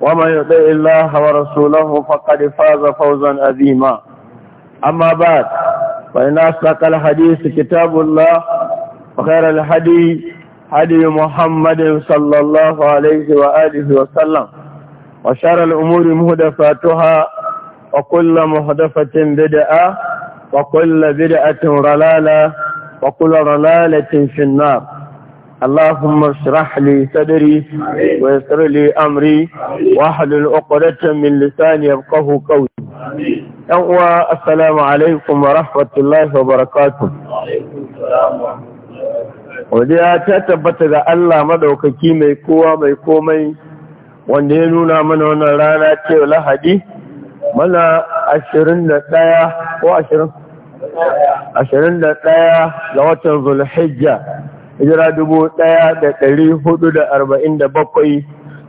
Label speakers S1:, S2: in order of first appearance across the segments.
S1: ومن يطع الله ورسوله فقد فاز فوزا عظيما أما بعد فإن أصدق الحديث كتاب الله وخير الحديث هدي محمد صلى الله عليه وآله وسلم وشر الأمور مهدفاتها وكل مهدفة بدعة وكل بدعة رلالة وكل رلالة في النار اللهم اشرح لي صدري ويسر لي امري واحلل عقدة من لساني يفقه قولي أو السلام عليكم ورحمة الله وبركاته Wadiya ta tabbata ga Allah maɗaukaki mai kowa mai komai wanda ya nuna mana wannan rana ce lahadi mana ashirin da ɗaya ko ashirin? da ɗaya ga watan zulhijja hijira dubu ɗaya da ɗari hudu da arba'in da bakwai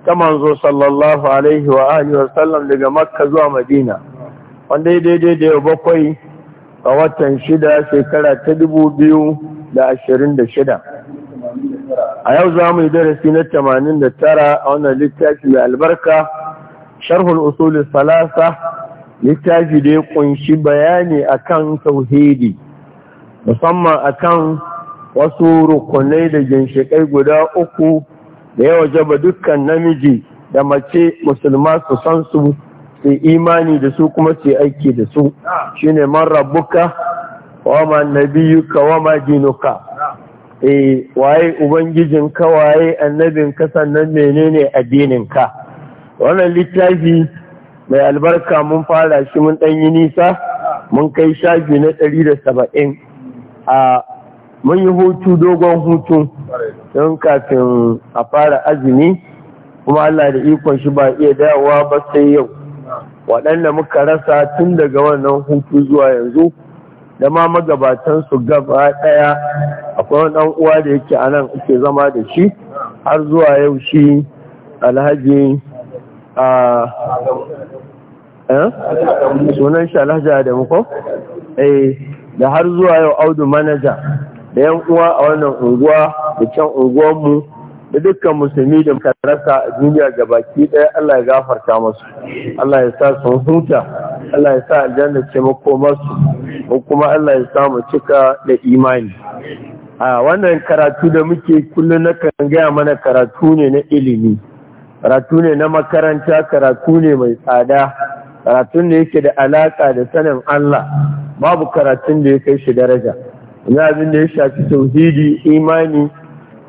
S1: ta manzo sallallahu alaihi wa alihi wa sallam daga makka zuwa madina wanda daidai da bakwai a watan shida shekara ta dubu biyu da ashirin da shida a yau za mu yi darasi na tamanin da tara a wannan littafi mai albarka sharhul usulul salasa littafi da ya kunshi bayani akan tauhidi musamman akan wasu rukunai da ginshiƙai guda uku da ya wajaba dukkan namiji da mace musulma su san su su imani da su kuma su aiki da su shine man rabuka wa ma nabiyuka wa ma dinuka E! waye ubangijinka waye annabinka sannan menene addininka wannan littafi mai albarka mun fara shi mun yi nisa mun kai shafi na ɗari da saba'in a mun yi hutu dogon hutu don kafin a fara azumi kuma Allah da ikon shi ba iya dawowa ba sai yau waɗanda muka rasa tun daga wannan hutu zuwa yanzu da ma su gaba ɗaya akwai wani uwa da yake a nan ake zama da shi har zuwa yau shi alhaji a eh? sunan shi alhaji eh, da har zuwa yau audu manaja da yan uwa a wannan unguwa da can unguwanmu da dukkan musulmi da muka rasa a duniya ga baki ɗaya Allah ya gafarta masu Allah ya sa sun huta Allah ya sa aljanna ce mako masu ko kuma Allah ya sa mu cika da imani a wannan karatu da muke kullum na kan gaya mana karatu ne na ilimi karatu ne na makaranta karatu ne mai tsada karatu ne yake da alaka da sanin Allah babu karatun da ya kai shi daraja na abin da ya shafi tauhidi imani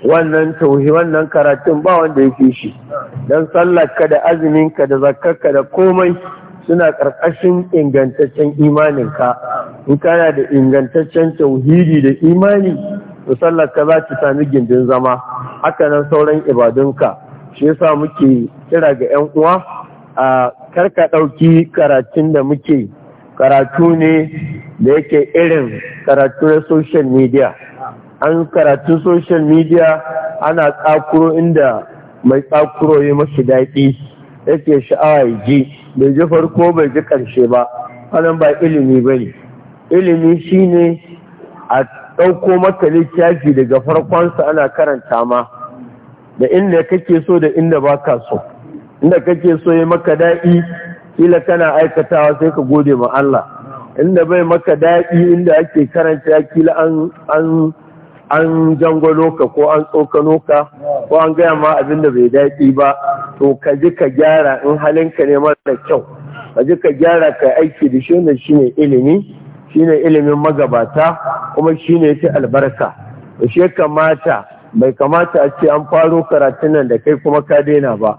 S1: wannan tauhi wannan karatun ba wanda ya fi shi don sallarka da azuminka da zakarka da komai suna ƙarƙashin ingantaccen imaninka in kana da ingantaccen tauhidi da imani to sallarka za ta sami gindin zama haka nan sauran ibadunka shi yasa muke kira ga 'yan uwa a karka ɗauki karatun da muke karatu ne da yake irin karatu na social media an karatu social media ana tsakuro inda mai tsakuro ya mashi daɗi yake sha'awa ya ji bai ji farko bai ji ƙarshe ba wannan ba ilimi ba ne ilimi shi ne a ɗauko maka littafi daga farkonsa ana karanta ma da inda kake so da inda baka so inda kake so ya maka daɗi kila kana aikatawa sai ka gode ma Allah inda bai maka daɗi inda ake karanta kila an an ka ko an tsokano ka ko an gaya ma abin da bai daɗi ba to ka ji ka gyara in halinka ne mara kyau ka ji ka gyara ka aiki da shi ne shine ilimi shine ilimin magabata kuma shine ta albarka da shi kamata bai kamata a ce an faro karatun nan da kai kuma ka daina ba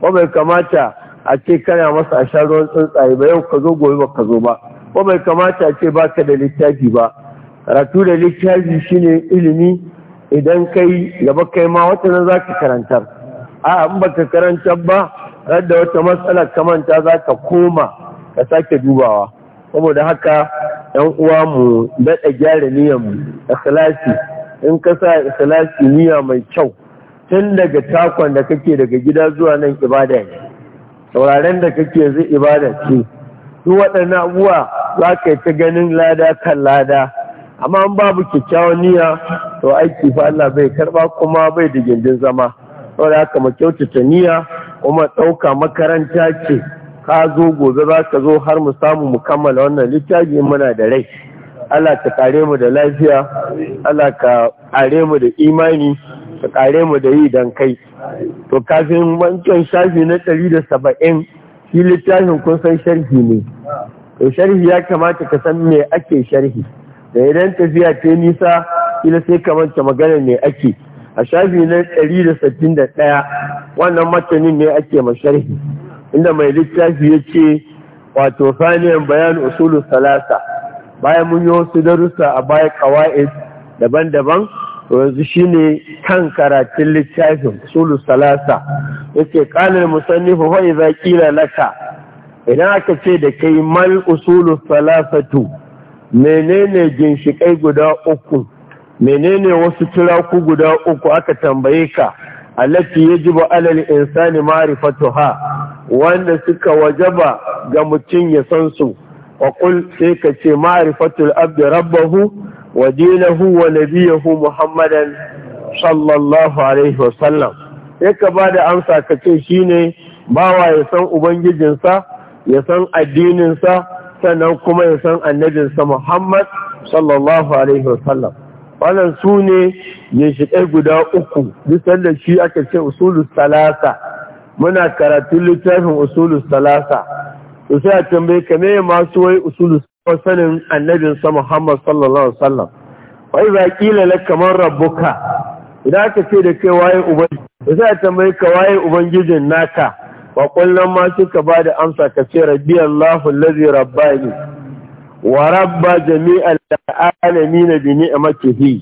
S1: ko bai kamata a ce kana masa a sha ruwan tsuntsaye ba yau ka zo gobe ba ka zo ba ko bai kamata a ce baka da littafi ba karatu da littafi shine ilimi idan kai gaba kai ma wata nan zaka karantar a in baka karantar ba radda wata matsala ka manta ka koma ka sake dubawa saboda haka yan uwa mu daɗa gyara niyyar mu ikhlasi in ka sa ikhlasi niyya mai kyau tun daga takon da kake daga gida zuwa nan ibada ne sauraren da kake zai ibada ce duk waɗannan abubuwa za ka yi ta ganin lada kan lada amma in babu kyakkyawan niyya to aiki fa Allah bai karɓa kuma bai da gindin zama da haka mu kyautata niyya kuma ɗauka makaranta ce ka zo gobe za ka zo har mu samu mu kammala wannan littafi muna da rai Allah ka kare mu da lafiya Allah ka kare mu da imani ka kare mu da yi dan kai to kafin wancan shafi na ɗari da saba'in shi littafin kun san sharhi ne to sharhi ya kamata ka san me ake sharhi da idan tafiya ta nisa kila sai ka manta magana me ake a shafi na ɗari da sittin da ɗaya wannan matanin ne ake ma sharhi inda mai littafi ya ce wato saniyan bayan usulu salasa bayan mun yi wasu darussa a baya kawa'id daban-daban yanzu ne kan karatun littafin sulu salasa yace kanar musannifu fa idza qila laka idan aka ce da kai mal usulu salasatu menene ginshikai guda uku menene wasu turaku guda uku aka tambaye ka yaji ba alal insani ha wanda suka wajaba ga mutum ya san su wa sai ka ce ma'rifatul abdi rabbahu ودينه ونبيه محمدا صلى الله عليه وسلم yaka ba da amsa ka ce shi ne bawa ya san ubangijinsa ya san addininsa sannan kuma ya san annabinsa muhammad sallallahu alaihi wasallam wannan su ne ginshiƙai guda uku bisan da shi aka ce usulus talasa muna karatun littafin usulus talasa to sai a tambaye kame me masu wai usulus ko sanin annabin sa Muhammad sallallahu alaihi wasallam wa idza qila laka man rabbuka idan ka ce da kai waye ubangiji sai tambaye ka waye ubangijin naka wa kullum ma suka ba da amsa ka ce rabbi Allahu allazi rabbani wa rabba jami'al alamin bi ni'matihi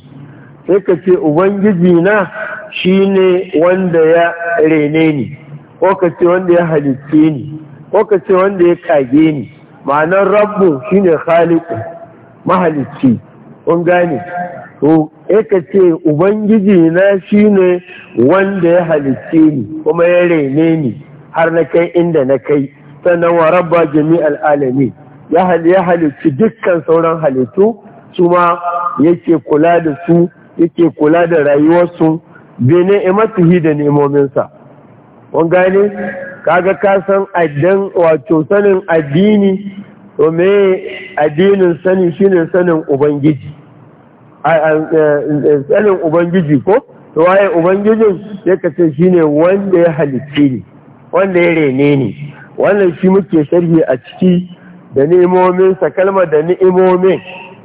S1: sai ka ce ubangiji na shine wanda ya rene ni ko ka ce wanda ya halicce ni ko ka ce wanda ya kage ni ma'anar rabbu shine khaliqu mahalicci kun gane to e ka ce ubangiji na shine wanda ya halicce ni kuma ya rene ni har na kai inda na kai sannan wa rabba jami'al alami ya halicci dukkan sauran halittu su yake kula da su yake kula da rayuwarsu bene imatihi da nemominsa kun gane kaga ka san addan wato sanin addini to me addinin sani shine sanin ubangiji sanin ubangiji ko to waye ubangijin ya kace shine wanda ya halicce ni wanda ya rene ni wannan shi muke sharhi a ciki da ni'imomin sa kalmar da ni'imomin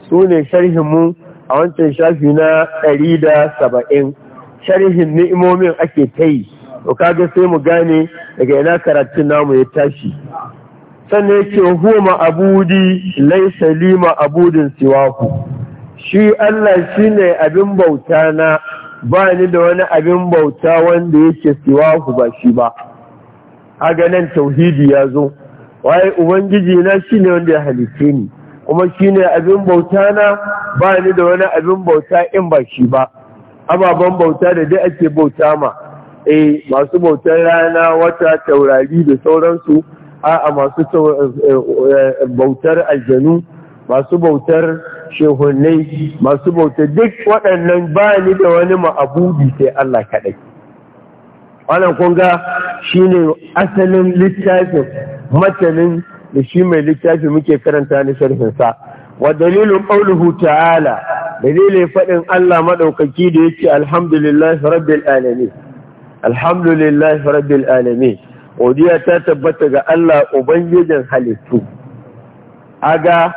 S1: su ne sharhin mu a wancan shafi na 170 sharhin ni'imomin ake ta yi to kaga sai mu gane daga ina karatun namu ya tashi sannan yake huwa ma'abudi laisa li ma'abudin siwaku shi Allah shine abin bauta na ba ni da wani abin bauta wanda yake siwaku ba shi ba haga nan tauhidi ya zo waye ubangiji na shine wanda ya halitte ni kuma shine abin bauta na ba ni da wani abin bauta in ba shi ba ababen bauta da dai ake bauta ma eh masu bautar rana wata taurari da sauransu a'a masu eh, eh, bautar aljanu masu bautar shehunai masu bautar duk waɗannan ba ni da wani ma'abudi sai Allah kaɗai wannan kunga ne asalin littafin matanin da shi mai littafi muke karanta na sharhinsa wa dalilin ƙaunuhu ta'ala dalilin faɗin Allah maɗaukaki da yake alhamdulillah rabbil alamin alhamdulillahi rabbil alami. godiya ta tabbata ga Allah ubangijin halittu aga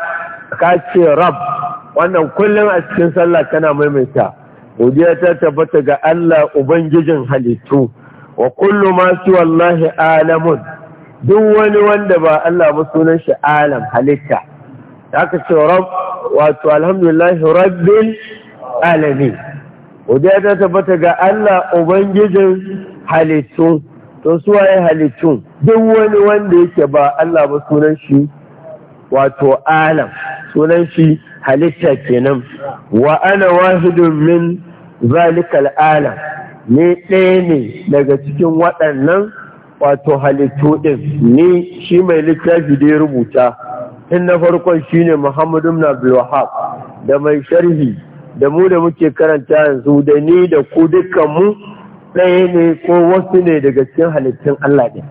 S1: ka ce rab wannan kullum a cikin sallah kana maimaita godiya ta tabbata ga Allah ubangijin halittu wa kullu ma su wallahi alamun duk wani wanda ba Allah ba sunan shi alam halitta aka ce rab wato alhamdulillahi rabbil alami. ya ta tabbata ga Allah Ubangijin halittu, to suwaye halittu, duk wani wanda yake ba Allah ba sunan shi wato alam, sunan shi halitta kenan. Wa ana wahidun min zalikal alam, ni ɗaya ne daga cikin waɗannan wato halittu ɗin, ni shi mai littafi da ya rubuta, tun na farkon shine Muhammadu Nabi Wahab da mai sharhi da mu da muke karanta yanzu da ni da ku dukkan mu ɗaya ne ko wasu ne daga cikin halittun Allah ne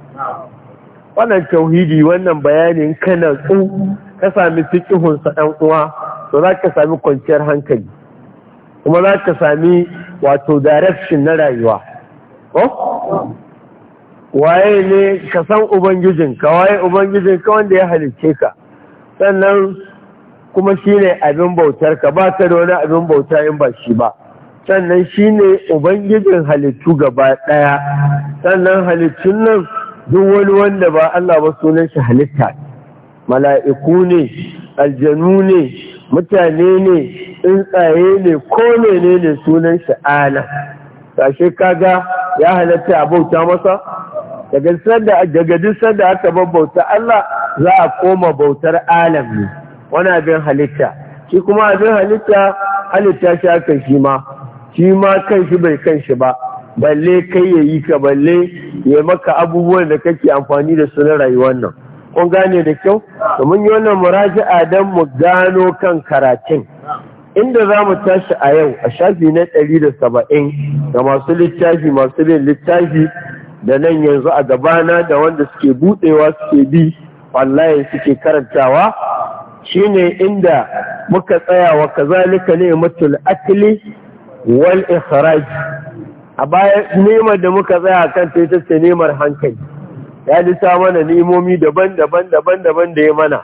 S1: wannan tauhidi wannan bayanin kana tsu ka sami cikin ɗan uwa to za ka sami kwanciyar hankali kuma za ka sami wato direction na rayuwa waye ne ka san ubangijinka waye ubangijinka wanda ya halicce ka sannan kuma shi ne abin bautar ka ba ka da wani abin bauta in ba shi ba sannan shi ne ubangijin halittu gaba ɗaya sannan halittun nan duk wani wanda ba Allah ba sunan shi halitta mala'iku ne aljanu ne mutane ne tsuntsaye ne ko ne ne sunan shi ana kaga ya halatta a bauta masa daga duk sanda aka babbauta Allah za a koma bautar alam ne wani abin halitta shi kuma abin halitta halitta shi aka shi ma shi ma kan shi bai kan shi ba balle kai ya yi ka balle ya maka abubuwan da kake amfani da su na rayuwar nan kun gane da kyau mun yi wannan muraji'a don mu gano kan karatun inda za mu tashi a yau a shafi na ɗari da saba'in ga masu littafi masu bin littafi da nan yanzu a gabana da wanda suke buɗewa suke bi wallahi suke karantawa shine inda muka tsaya wa kazalika ne mutul akli wal ikhraj a baya, nemar da muka tsaya kan ta ita ce nemar hankali ya sa mana nemomi daban-daban daban-daban da ya mana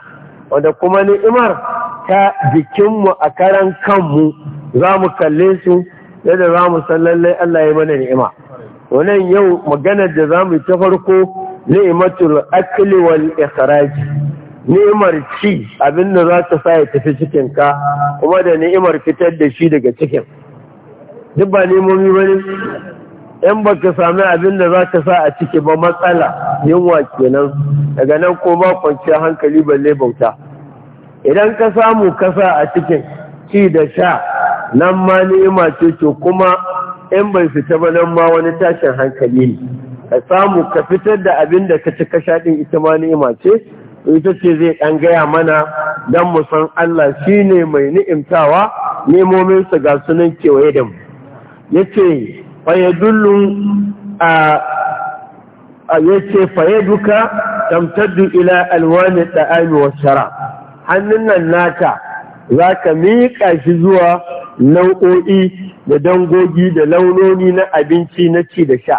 S1: wanda kuma ni'imar ta jikinmu a karan kanmu za mu kalle su yadda za mu san lallai Allah ya mana ni'ima wannan yau maganar da za mu yi ta farko ni'imatul akli wal ikhraj ni'imar ci abin za ta sa ya tafi cikin ka kuma da ni'imar fitar da shi daga cikin duk ba nemomi ba ne in ba ka sami abinda da za ka sa a ciki ba matsala yunwa kenan daga nan ko ba kwanciyar hankali balle bauta idan ka samu ka a cikin ci da sha nan ma ni'ima ce ce kuma in bai fita ba nan ma wani tashin hankali ne ka samu ka fitar da abinda da ka ci ka sha ita ma ni'ima ce ita ce zai ɗan gaya mana don mu san Allah shi ne mai ni'imtawa nemominsa ga sunan kewaye da mu ya ce fayadullun a ya ce fayaduka tamtaddu ila alwani ɗa'ami wa shara hannun nan naka za ka miƙa shi zuwa nau'o'i da dangogi da launoni na abinci na ci da sha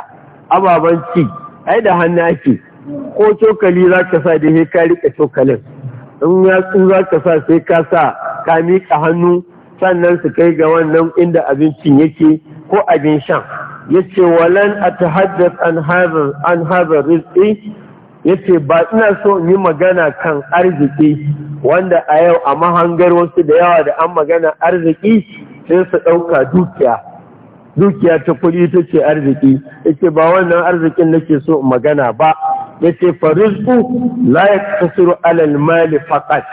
S1: ababen ci ai da hannu ake ko cokali za ka sa dai ka rika cokalin in yatsu za ka sa sai ka sa ka miƙa hannu sannan su kai ga wannan inda abincin yake ko abin shan ce, walan atahaddath an hadha an rizki Ya ce, ba ina so in yi magana kan arziki wanda a yau a mahangar wasu da yawa da an magana arziki sai su ɗauka dukiya dukiya ta kuɗi ta ce arziki ce, ba wannan arzikin nake so magana ba yace farizqu la yaktasiru ala almal faqat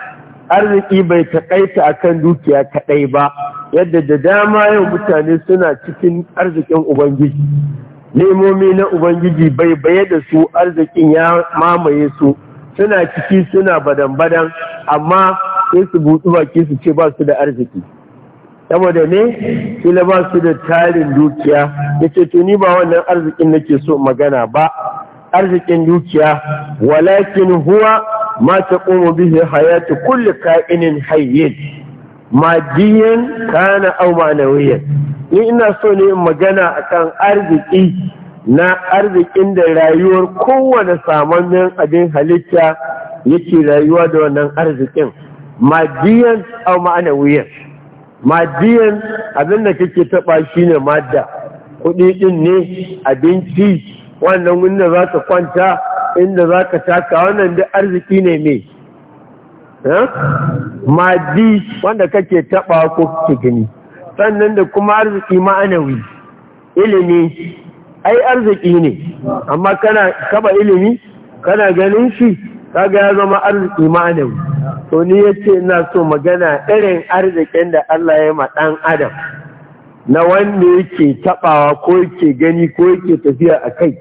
S1: arziki bai takaita akan dukiya kadai ba yadda da dama yau mutane suna cikin arzikin ubangiji nemomi na ubangiji bai baye da su arzikin ya mamaye su suna ciki suna badan-badan amma sai su butu baki su ce ba su da arziki saboda ne kila ba su da tarin dukiya yace to tuni ba wannan arzikin nake so magana ba arzikin dukiya walakin huwa ma taqumu bihi hayatu kulli ka'inin hayyin madiyan kana aw ma'nawiyan ni ina so ne magana akan arziki na arzikin da rayuwar kowane samannen abin halitta yake rayuwa da wannan arzikin madiyan aw ma'nawiyan madiyan abin da kake taba shine madda kuɗi ɗin ne abinci wannan inda za ka kwanta inda za ka taka wannan da arziki ne mai madi wanda kake taba ko kake gani sannan da kuma arziki ma'anawi ilimi ai arziki ne amma kana kaba ilimi kana ganin shi kaga ya zama arziki ma'anawi to ni yace ina so magana irin arzikin da Allah ya ma dan adam na wanda yake tabawa ko yake gani ko yake tafiya a kai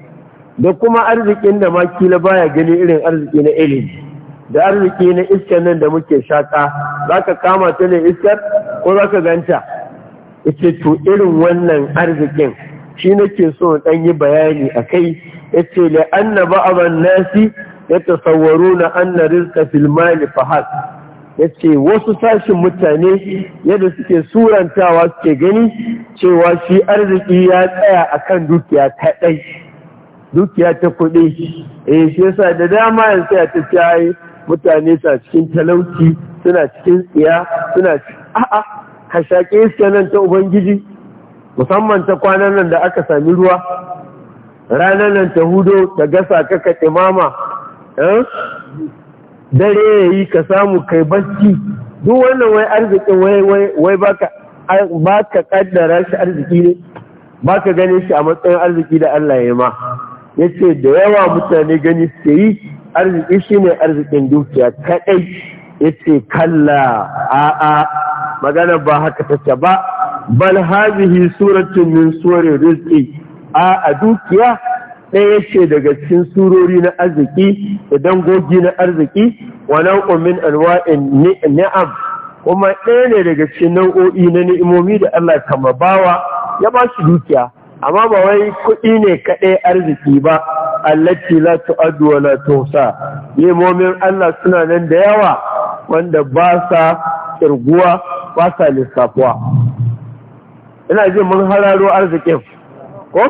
S1: da kuma arzikin da Makila kila baya gani irin arziki na ilimi da arziki na iskar nan da muke shaka, za ka kama ta ne iskar ko za ka ganta ita to irin wannan arzikin shi nake so ɗan yi bayani a kai ya ce le an na nasi ya tasawwaro na an na rizka filmali ya ce wasu sashin mutane yadda suke surantawa suke gani cewa shi arziki ya tsaya akan dukiya ta dukiya ta kuɗi eh shi yasa da dama yanzu ya ta ce mutane sa cikin talauci suna cikin tsiya suna a'a ka shaƙe iska nan ta ubangiji musamman ta kwanan nan da aka sami ruwa ranar nan ta hudo ta gasa ka ka eh? dare ya yi ka samu kai bacci duk wannan wai arziki wai ba ka ƙaddara shi arziki ne ba ka gane shi a matsayin arziki da Allah ya yi ma Ya ce da yawa mutane gani suke yi arziki shine arzikin dukiya kadai ce kalla a'a magana ba haka tace ba bal hazihi suratun min suwari rizki a dukiya ɗaya ce daga cikin surori na arziki da dangogi na arziki wa nau'un min alwa'in ni'am kuma ɗaya ne daga cikin nau'o'i na ni'imomi da Allah kama bawa ya ba shi dukiya amma ba wai kuɗi ne kaɗai arziki ba allaci la tu'addu wa la tuhsa nemomin Allah suna nan da yawa wanda ba sa kirguwa ba sa lissafuwa ina jin mun hararo arzikin ko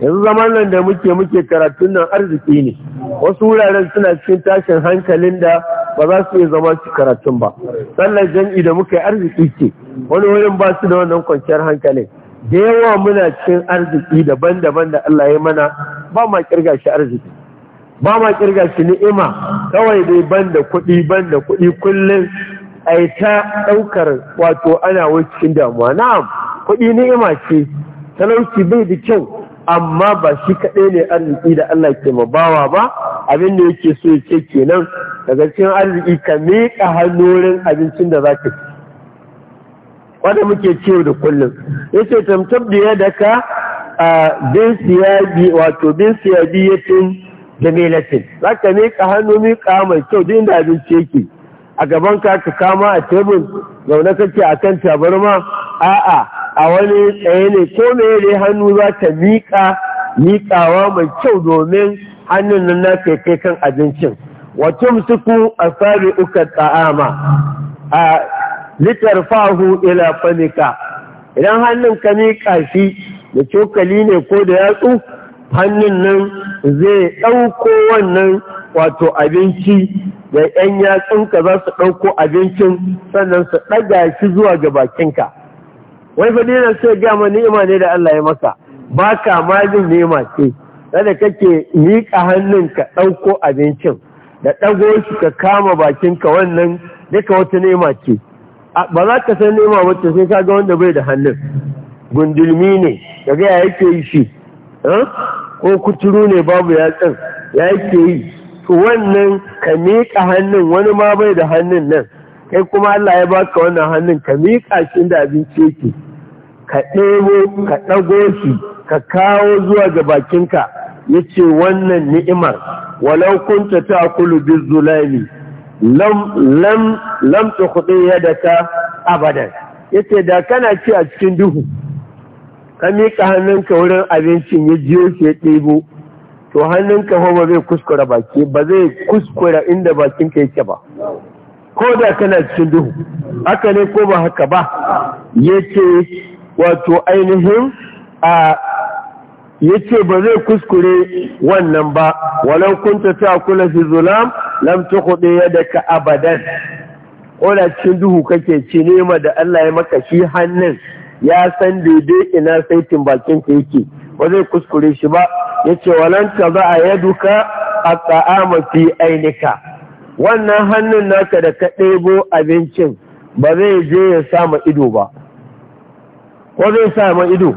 S1: yanzu zaman nan da muke muke karatun nan arziki ne wasu wuraren suna cikin tashin hankalin da ba za su iya zama su karatun ba sallar jan'i da muka yi arziki ce wani wurin ba su da wannan kwanciyar hankalin da yawa muna cikin arziki daban-daban da Allah ya mana ba ma kirga shi arziki ba ma kirga shi ni'ima kawai dai banda kuɗi banda kuɗi kullum ai ta ɗaukar wato ana wani cikin damuwa na'am kuɗi ni'ima ce talauci bai da kyau amma ba shi kaɗai ne arziki da Allah ke mabawa ba abin da yake so ya ce kenan daga cikin arziki ka miƙa hannurin abincin da za ka ci wanda muke ciwo da kullum yace tamtab da daka a bin siyabi wato bin siyabi yatin jamilatin zaka miƙa hannu miƙa mai kyau din da abinci yake a gaban ka ka kama a tebur zaune kake akan tabarma a'a a wani tsaye ne ko me ne hannu za ka miƙa miƙawa mai kyau domin hannun nan na kai kai kan abincin wato musuku a sari uka ta'ama a litarfahu ila famika idan hannun ka miƙa shi da cokali ne ko da yatsu hannun nan zai ɗauko wannan wato abinci da ‘yan yatsunka za su ɗauko abincin sannan su ɗaga shi zuwa ga bakinka wai fa dina sai ga ma ni'ima ne da Allah ya maka ba ka ma jin ni'ima ce kada kake miƙa hannun ka ɗauko abincin da ɗago shi ka kama bakinka wannan duka wata ni'ima ce ba za ka san nema wacce sai ka ga wanda bai da hannun gundulmi ne ka ya yake yi shi eh? ko kuturu ne babu yatsun? ya yake yi to wannan ka miƙa hannun wani ma bai da hannun nan kai kuma Allah ya baka wannan hannun ka miƙa shi da abinci yake ka ɗebo ka ɗago shi ka kawo zuwa ga bakinka ya ce wannan ni'imar walau kunta ta kulu bizulami lam lam lam tukhdi yadaka abadan yace da kana ci a cikin duhu ka miƙa hannunka wurin abincin ya jiyo shi ya ɗebo to hannunka ba zai kuskura baki ba zai kuskura inda bakinka yake ba ko da kana cikin duhu haka ne ko ba haka ba yace wato ainihin a yace ba zai kuskure wannan ba walau kunta kula fi zulam lam tuqdi yadaka abadan koda duhu kake ci nema da Allah ya maka shi hannun ya san daidai ina saitin bakin ka yake ba zai kuskure shi ba yace walan taba'a yaduka at'ama fi ainika wannan hannun naka da ka ɗebo abincin ba zai je ya sama ido ba ko zai sama ido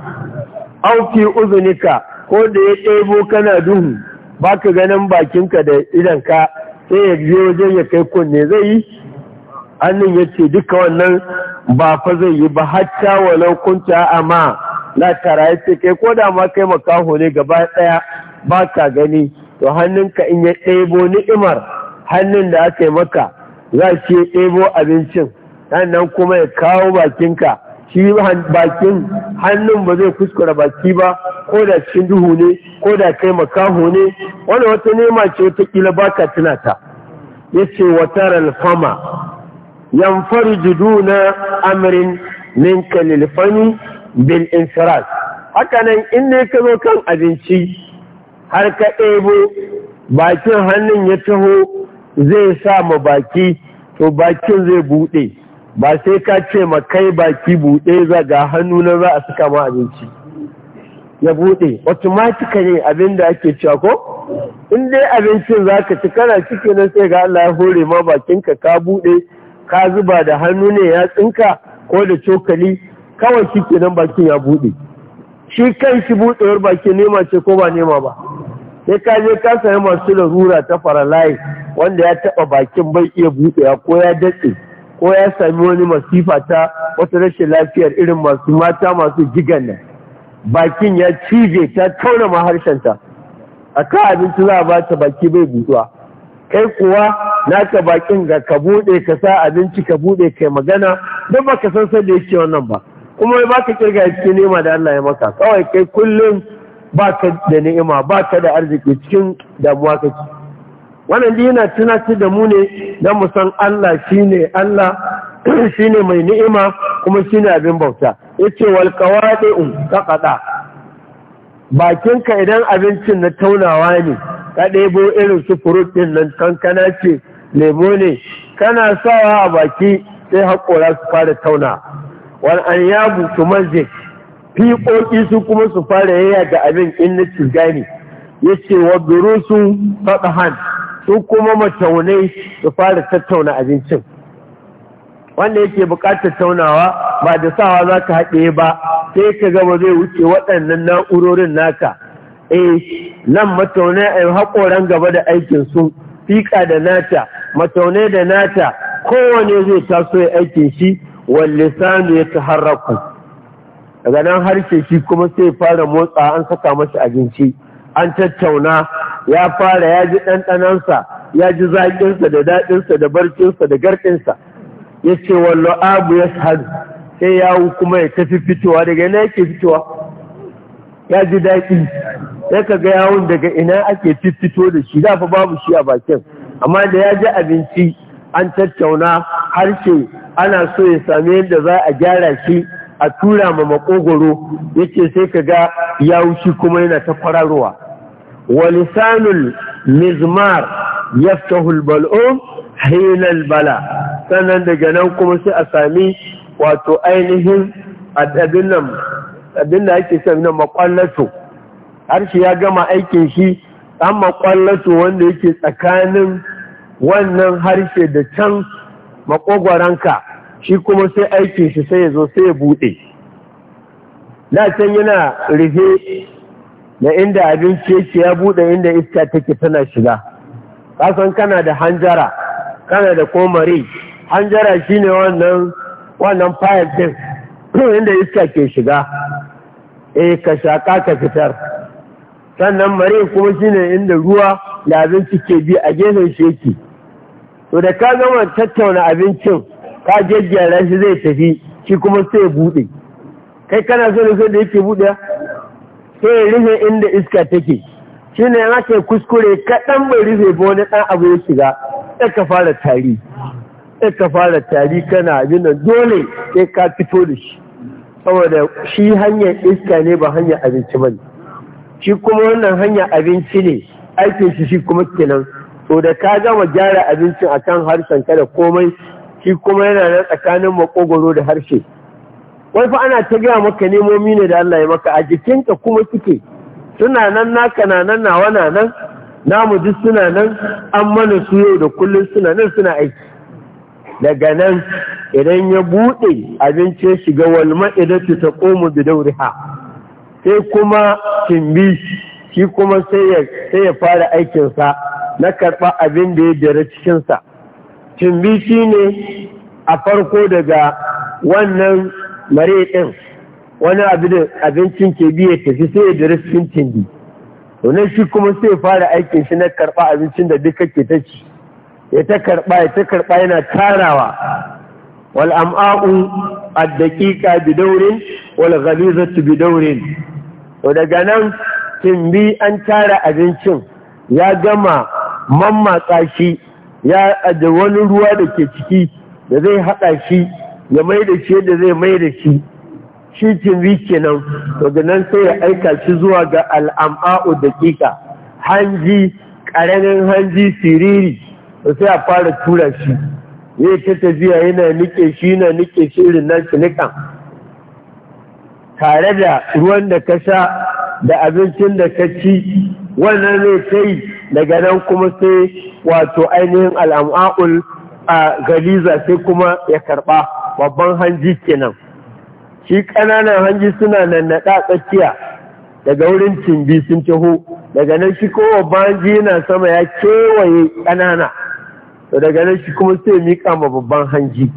S1: auki uzunika ko da ya ɗebo kana duhu ba ka ganin bakinka da idanka sai ya je wajen ya kai kunne zai yi annin ya ce duka wannan ba fa zai yi ba hatta walau kunta amma na tara ya ce kai ko da ma kai makaho ne gaba ɗaya ba ka gani to hannunka in ya ɗebo ni'imar hannun da aka yi maka za shi ya ɗebo abincin sannan kuma ya kawo bakinka shi bakin hannun ba zai kuskura baki ba ko da cikin duhu ne ko da kai makaho ne wani wata nema ce watakila baka tunata ya ce ralfama yan yamfar judu na amirin ninka, lilfani bil infiras hakanan in ne ka zo kan abinci har ka ɗebo bakin hannun ya taho zai sa ma baki to bakin zai buɗe ba sai ka ce ma kai baki buɗe za ga hannu na za a saka ma abinci ya buɗe automatically abin da ake cewa ko in dai abincin za ka ci kana ciki nan sai ga Allah ya hore ma bakinka ka buɗe ka zuba da hannu ne ya tsinka ko da cokali kawai shi nan bakin ya buɗe shi kan shi buɗewar baki nema ce ko ba nema ba sai ka je ka sami masu larura ta faralaye wanda ya taɓa bakin bai iya buɗewa ko ya datse ko ya sami wani masifa ta wata rashin lafiyar irin masu mata masu jigan nan bakin ya cije ta tauna ma harshenta a kan abinci za a ba ta baki bai buɗuwa kai kuwa naka bakin ga ka buɗe ka sa abinci ka buɗe kai magana don ba ka san sanda yake wannan ba kuma ba ka kirga cikin nema da Allah ya maka kawai kai kullum ba ka da ni'ima ba ka da arziki cikin damuwa kake wannan da yana tunatar da mu ne don mu san Allah shine Allah shine mai ni'ima kuma shine abin bauta yace wal qawadi'u kaqada bakinka idan abincin na taunawa ne ka ɗebo irin su furut nan kankana ce lemo ne kana sawa a baki sai haƙora su fara tauna wani an yabu su manzik fiƙoƙi su kuma su fara yaya da abin in na cigani ne ya ce wa birusu fadahan? su kuma mataunai su fara tattauna abincin wanda yake bukatar taunawa ba da sawa za ka haɗe ba sai ka gaba zai wuce waɗannan na'urorin naka eh nan mataunai a haƙoran gaba da aikin su fiƙa da nata mataunai da nata kowane zai taso ya aikin shi wallisanu ya taharraku daga nan harshe shi kuma sai fara motsa an saka masa abinci an tattauna ya fara ya ji ɗanɗanansa ya ji zaƙinsa da daɗinsa da barcinsa da garɗinsa ya ce wallo abu ya sadu sai yawo kuma ya tafi fitowa daga ina yake fitowa ya ji daɗi sai ka ga yawon daga ina ake fito da shi da fa babu shi a bakin amma da ya ji abinci an tattauna harshe ana so ya sami yadda za a gyara shi a tura ma makogoro yace sai ka ga ya shi kuma yana ta kwararowa ولسان المزمار yaftahu al-bal'um hina al-bala sanan daga nan kuma sai a sami wato ainihin adabin nan abin da ake sami na makwallatu harshe ya gama aikin shi an makwallatu wanda yake tsakanin wannan harshe da can makogwaranka shi kuma sai aikin shi sai ya zo sai ya buɗe. da can yana rufe na inda abinci yake ya buɗe inda iska take tana shiga kasan kana da hanjara kana da komare hanjara shine wannan wannan fayil din inda iska ke shiga eh ka shaka ka fitar sannan mare kuma shine inda ruwa da abinci ke bi a gefen sheki. to da ka gama tattauna abincin ka jejjera shi zai tafi shi kuma sai ya buɗe kai kana so ne sai da yake buɗe sai ya rufe inda iska take shi ne ya ke kuskure kaɗan bai rufe ba wani ɗan abu ya shiga sai ka fara tari fara tari kana abin nan dole sai ka fito da shi saboda shi hanyar iska ne ba hanyar abinci ba ne shi kuma wannan hanyar abinci ne aikin shi shi kuma kenan to da ka gama gyara abincin kan harshen kada komai shi kuma yana nan tsakanin makogoro da harshe wai fa ana ta gaya maka nemomi ne da Allah ya maka a jikinka kuma suke suna nan naka na nan nawa na nan namu duk suna nan an mana su yau da kullum suna nan suna aiki daga nan idan ya buɗe abinci ya shiga walma idan ta komu bidauriha sai kuma kimbi shi kuma sai ya fara aikinsa na karɓa abin da ya jere cikinsa cimbi shi ne a farko daga wannan mare ɗin wani abincin ke biya tafi sai ya dare cikin cindi shi kuma sai fara aikin shi na karɓa abincin da duka kake ta ci ya ta karɓa ya ta karɓa yana tarawa wal am'a'u ad bi daurin wal ghalizatu bi daurin. to daga nan timbi an tara abincin ya gama mamma shi ya ajiye wani ruwa da ke ciki da zai haɗa shi ya mai da shi yadda zai mai da shi shi timbi nan, daga nan sai ya aika shi zuwa ga al'am'a'u kika hanji ƙaramin hanji siriri da sai a fara tura shi ya ta tafiya yana nike shi yana nike shi irin shi cinikan tare da ruwan da ka sha da abincin da ka ci wannan zai kai daga nan kuma sai wato ainihin al'am'a'ul a galiza sai kuma ya karɓa babban hanji kenan shi ƙananan hanji suna nan nannaɗa tsakiya daga wurin cimbi sun taho daga nan shi babban hanji yana sama ya kewaye ƙanana to daga nan shi kuma sai miƙa ma babban hanji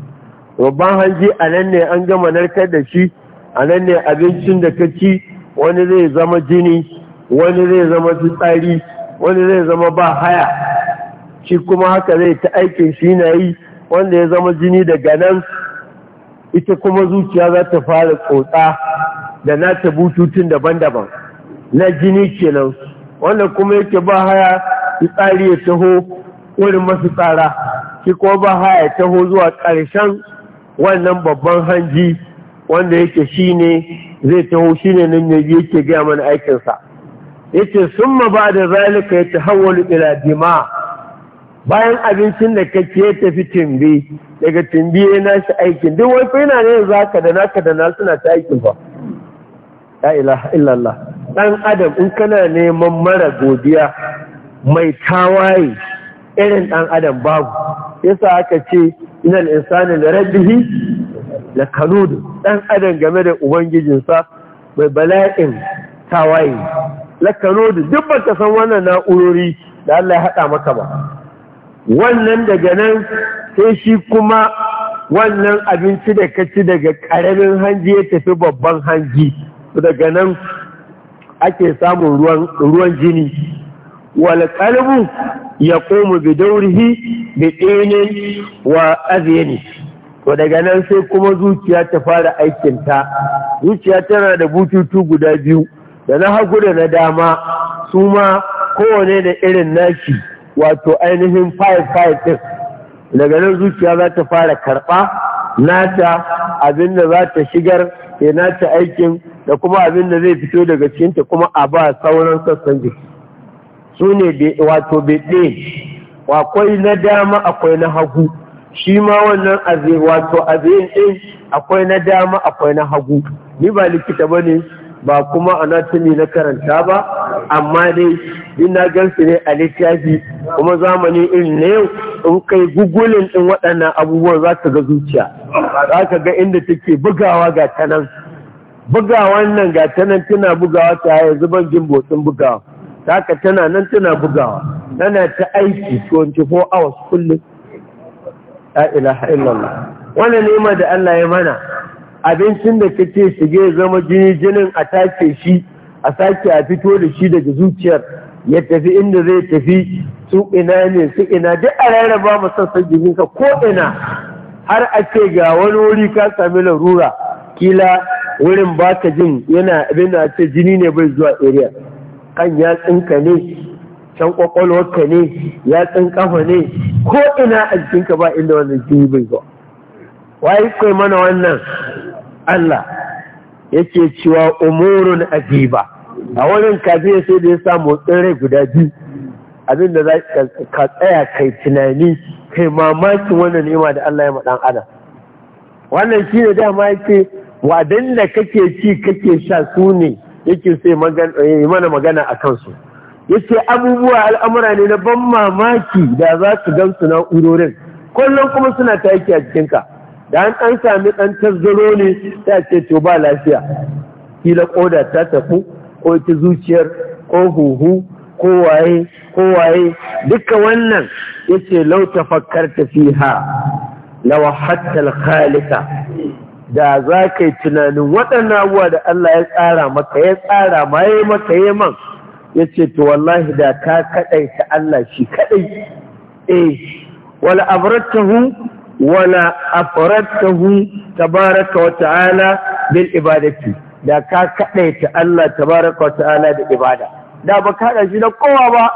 S1: babban hanji a nan ne an gama narkar da shi a nan ne abincin da ka ci wani zai zama jini wani zai zama fitsari wani zai zama ba haya shi kuma haka zai ta aikin shi na yi wanda ya zama jini daga nan ita kuma zuciya za ta fara tsotsa da na nata bututun daban-daban na jini kenan wanda kuma yake ba haya tsari ya taho wurin masu tsara shi kuma ba haya taho zuwa ƙarshen wannan babban hanji wanda yake ne zai taho shi ne nan ya yake gaya mana aikinsa yace ma ba da zalika ya tahawwalu ila dima bayan abincin da kake ya tafi timbi daga tumbiye na shi aikin duk wani fina ne za ka da naka da na suna ta aikin ba ya ilaha illallah dan adam in kana neman mara godiya mai tawaye irin dan adam babu yasa aka ce inal insani da rabbihi la kanudu dan adam game da ubangijinsa mai bala'in tawaye la kanudu duk baka san wannan na'urori da Allah ya haɗa maka ba wannan daga nan sai shi kuma wannan abinci da ka ci daga ƙaramin hanji ya tafi babban hanji daga nan ake samun ruwan jini wal ya komu bi dawrihi bi wa azyani to daga nan sai kuma zuciya ta fara aikin ta zuciya tana da bututu guda biyu da na hagu da na dama su ma kowane da irin nashi wato ainihin 5 5 daga nan zuciya za ta fara karɓa nata abin da za ta shigar ya eh, nata aikin da kuma abin da zai fito daga cikinta kuma a ba sauran sassan jiki su ne wato beɗe akwai na dama akwai na hagu shi ma wannan azai wato azai ɗin akwai na dama akwai na hagu ni ba likita ba ne ba kuma anatomy na karanta ba amma dai duk na gansu ne a littafi kuma zamani irin na yau in kai gugulin ɗin waɗannan abubuwan za ka ga zuciya za ka ga inda take bugawa ga tanan bugawa nan ga tanan tana bugawa ta yanzu zuban jin botsin bugawa za ka tana nan tana bugawa tana ta aiki 24 hours kullum la ilaha illallah wannan nema da Allah ya mana abincin da kake shige zama jini jinin a take shi a sake a fito da shi daga zuciyar ya tafi inda zai tafi su ina ne su ina duk a rarraba mu sassan jikinka ko ina har a ce ga wani wuri ka sami larura kila wurin baka jin yana abin da ce jini ne bai zuwa area kan tsinka ne can kwakwalwarka ne yatsin kafa ne ko ina a jikinka ba inda wannan jini bai zuwa waye kai mana wannan Allah yake cewa umurun ajiba a wurin kafin sai da ya sa motsin guda biyu abinda za ka tsaya kai tunani kai mamakin wannan nema da Allah ya maɗan adam wannan shi ne dama yake wadan da kake ci kake sha su ne yake sai mana magana a kansu yake abubuwa al'amura ne na ban mamaki da za su gamsu na'urorin kullum kuma suna ta a a cikinka da an ɗan sami ɗan tazzaro ne ta ce to ba lafiya kila ƙoda ta tafi ko ta zuciyar ko huhu ko waye ko waye duka wannan yace lau tafakkarta fiha law hatta al-khaliqa da za ka yi tunanin waɗannan abuwa da Allah ya tsara maka ya tsara ma ya yi maka ya man ya ce to wallahi da ka kaɗai ta Allah shi kaɗai eh wala abrattahu wala afradtahu tabaraka wa ta'ala bil ibadati da ka kadaita Allah tabaraka wa ta'ala da ibada da ba ka da shi da kowa ba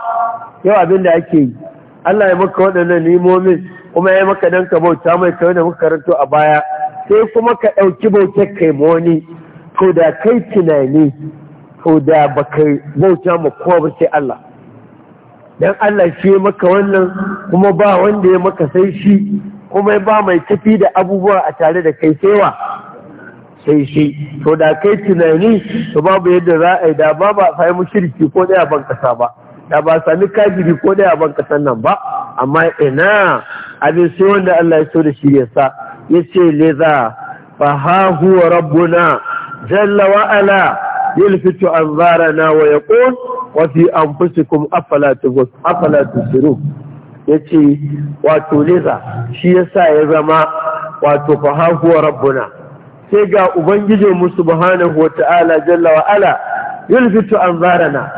S1: yau abin da ake yi Allah ya maka waɗannan limomin kuma ya maka dan ka bauta mai kai da muka a baya sai kuma ka ɗauki bauta kai moni to da kai tunani to da baka bauta ma kowa ba Allah dan Allah shi ya maka wannan kuma ba wanda ya maka sai shi kuma ba mai tafi da abubuwa a tare da kai sewa sai shi to da kai tunani to babu yadda za a yi da ba ba sai shirki ko daya ban kasa ba da ba sami kajiri ko daya ban kasan nan ba amma ina abin sai wanda Allah ya so da shi ya ce yace liza fa ha huwa rabbuna jalla wa ala yulfitu anzarana wa yaqul wa fi anfusikum afala tubsirun ya ce wato nesa shi ya sa ya zama wato fahahuwa rabbuna sai ga ubangijin ubangijinmu subhanahu wa ta'ala jalla wa ala yin fito an anzarana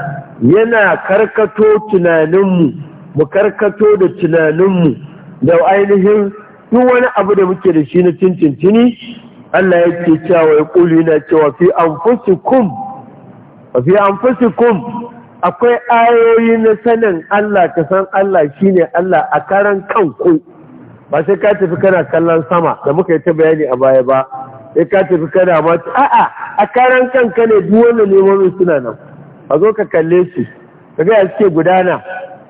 S1: yana karkato tunaninmu mu karkato da tunaninmu da ainihin duk wani abu da muke da shi na cincintini Allah ya ce cewa ya kulu na cewa fi an kum. akwai ayoyi na sanin Allah ka san Allah shine Allah a karan kanku ba sai ka tafi kana kallon sama da muka yi ta bayani a baya ba sai ka tafi kana ma a'a a karan kanka ne duk wanda neman suna nan a zo ka kalle su ka ga suke gudana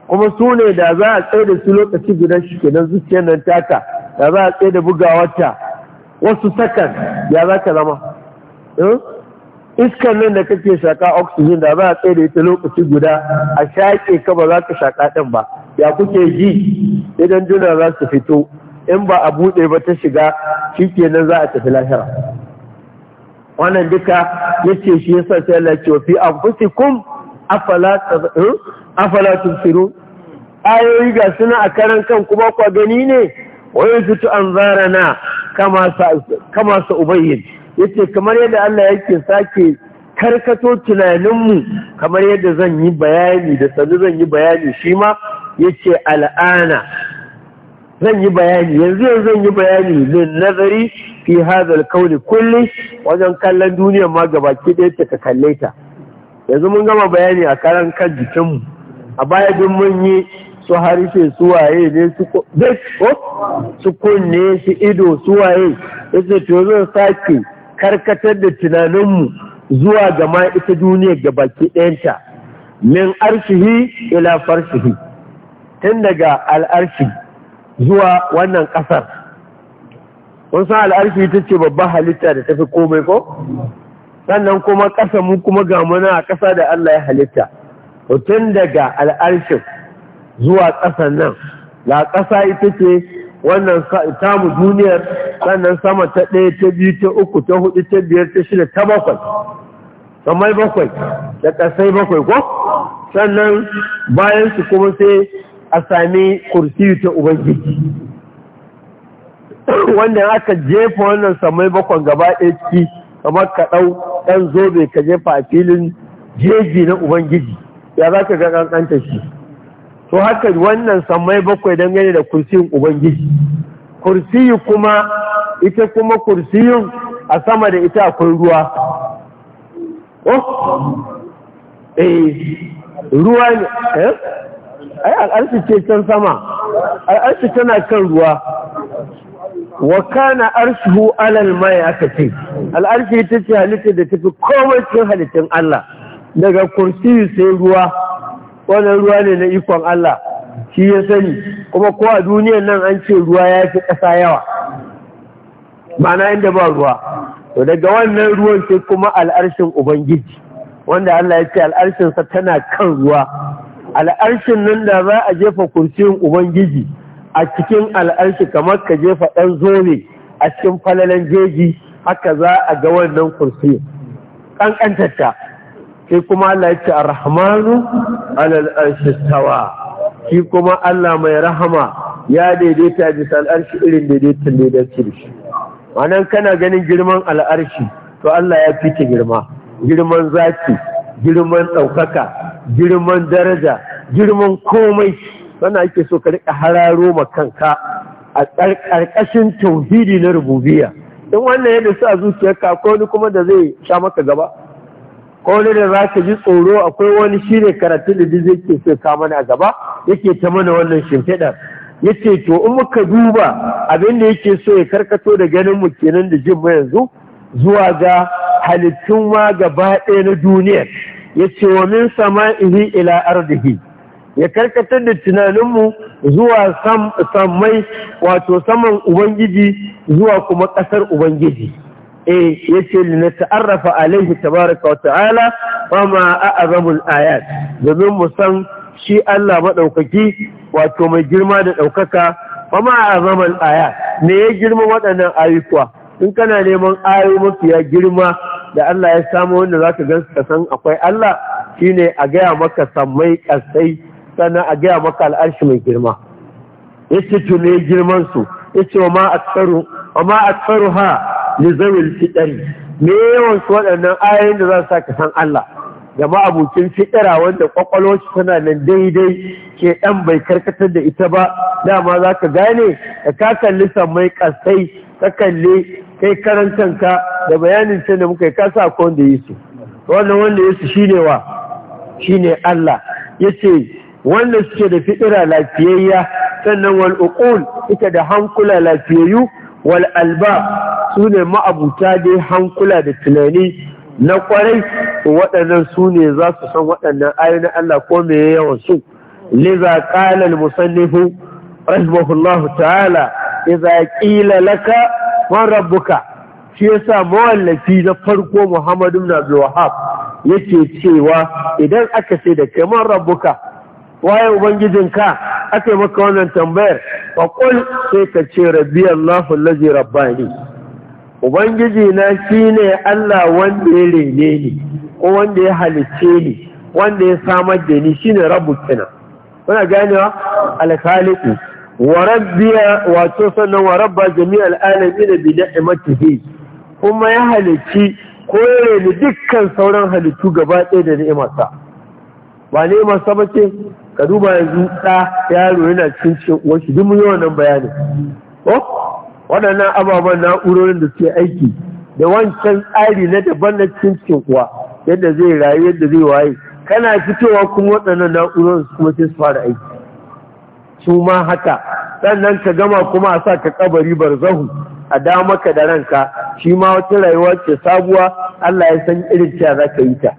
S1: kuma su ne da za a tsaye da su lokaci guda shi kenan zuciyar nan taka da za a tsaye da bugawarta wasu sakan ya za ka zama eh? iskar nan da kake shaka oxygen da ba a tsaye da ita lokaci guda a shaƙe ka ba za ka shaƙa ɗin ba ya kuke ji idan juna za su fito in ba a buɗe ba ta shiga shi kenan za a tafi lahira wannan duka ya ce shi yasa sai Allah ce wa fi anfusikum afala hmm? afala ayoyi ga suna a karan kan kuma kwa gani ne wa yanzu tu zara na kama sa ubayyin yace kamar yadda Allah yake sake karkato tunaninmu kamar yadda zan yi bayani da sanu zan yi bayani shi ma yace al'ana zan yi bayani yanzu yanzu zan yi bayani lin nazari fi hadal kauni kulli wajen kallon duniya. ma gabaki ɗaya ta kalle ta yanzu mun gama bayani a karan kan jikinmu a baya duk mun yi su harshe su ne su su kunne su ido suwaye. waye yace to zan sake karkatar da tunaninmu zuwa gama ita duniya ga baki ɗayanta min arshihi ila farshihi tun daga al'arshi zuwa wannan ƙasar kun san al'arshi ita ce babban halitta da tafi komai ko sannan kuma ƙasa mu kuma ga muna a ƙasa da Allah ya halitta tun daga al'arshin zuwa ƙasan nan la ƙasa ita ce wannan tamu duniyar sannan sama ta ɗaya ta biyu ta uku ta hudu ta biyar ta shida ta bakwai samai bakwai da ƙasai bakwai ko sannan bayan su kuma sai a sami kursi ta ubangiji wanda aka jefa wannan samai bakwai gaba ɗaya ciki kamar ka ɗau ɗan zobe ka jefa a filin jeji na ubangiji ya za ka ga ƙanƙanta shi to haka wannan samai bakwai don dangane da kursiyin ubangiji kursiyi kuma ita kuma kursiyin a sama da ita akwai ruwa
S2: Oh
S1: eh ruwa ne eh ai al'arshi ce can sama al'arshi tana kan ruwa
S2: wa kana
S1: arshu alal mai aka ce al'arshi ita ce halittar da tafi komai cikin halittar Allah daga kursiyi sai ruwa wannan ruwa ne na ikon Allah shi ya sani kuma ko a duniyar nan an ce ruwa ya fi ƙasa yawa mana inda ba ruwa to daga wannan ruwan sai kuma al'arshin ubangiji wanda Allah ya ce al'arshinsa tana kan ruwa al'arshin nan da za a jefa kursiyin ubangiji a cikin al'arshi kamar ka jefa ɗan zobe a cikin falalan jeji haka za a ga wannan kursiyin ƙanƙantarta sai kuma Allah ya ce a rahmanu alal arshi tawa shi kuma Allah mai rahama ya daidaita bisa al'arshi irin daidaitin da ya dace da shi anan kana ganin girman al'arshi to Allah ya fice girma girman zaki girman ɗaukaka girman daraja girman komai wannan ake so ka rika hararo ma kanka a ƙarƙashin tauhidi na rububiya. in wannan yadda sa zuciyarka akwai wani kuma da zai sha maka gaba Kawai da za ka ji tsoro akwai wani shi ne karatun da duk zai ke so ka mana gaba yake ta mana wannan shimfiɗar ya ce to in muka duba abin da yake so ya karkato da ganin mu kenan da jin mu yanzu zuwa ga halittun ma gaba ɗaya na duniya ya ce wa min ihi ila ardihi ya karkatar da tunaninmu zuwa sammai wato saman ubangiji zuwa kuma ƙasar ubangiji eh yace lina ta'arrafa alaihi tabaraka wa ta'ala wa ma a'azamul ayat domin mu san shi Allah madaukaki wato mai girma da daukaka wa ma a'azamul ayat me ya girma waɗannan ayyuka in kana neman ayoyi mafiya girma da Allah ya samu wanda zaka gansu ka san akwai Allah shine a gaya maka sammai kasai sannan a gaya maka al'arshi mai girma yace tune girman su yace wa ma aktsaru ma aktsaru ha zawil fitari me yawan su waɗannan ayoyin da za su saka san Allah Gama abokin fitara wanda kwakwalwar tana nan daidai ke ɗan bai karkatar da ita ba dama za ka gane da ka kalli sammai kasai ka kalli kai karantanka da bayanin can da muka yi kasa ko wanda yi su wannan wanda yi su shine wa shine Allah yace wanda suke da fitira lafiyayya sannan wal uqul ita da hankula lafiyayyu wal albab su ne ma'abuta dai hankula da tunani na kwarai waɗannan su ne za su san waɗannan ayoyin Allah ko mai yawan su liza qala al musannifu rahimahullahu ta'ala idza qila laka man rabbuka shi yasa mawallafi na farko Muhammadu ibn Abdul yake cewa idan aka ce da kai man rabbuka waye ubangijinka aka yi maka wannan tambayar faƙul sai ka ce rabbi allahu allazi rabbani ubangiji na shine allah wanda ya rene ni ko wanda ya halicce ni wanda ya samar da ni shine rabu kina kuna ganewa khaliq wa rabbi wato sannan wa rabba jami'al alamin bi ni'matihi kuma ya halicci ko ya reni dukkan sauran halittu gaba ɗaya da ni'imarsa ba ni'imarsa ba ce ka duba yanzu ɗa yaro yana cikin cewar shi dimu yawan nan bayanin waɗannan ababen na'urorin da suke aiki da wancan tsari na daban na cikin uwa, yadda zai rayu yadda zai waye kana fitowa kuma waɗannan na'urorin su kuma sai su fara aiki su ma haka sannan ka gama kuma a sa ka kabari barzahu a dama ka da ranka shi ma wata rayuwa ce sabuwa Allah ya san irin ta za ka yi ta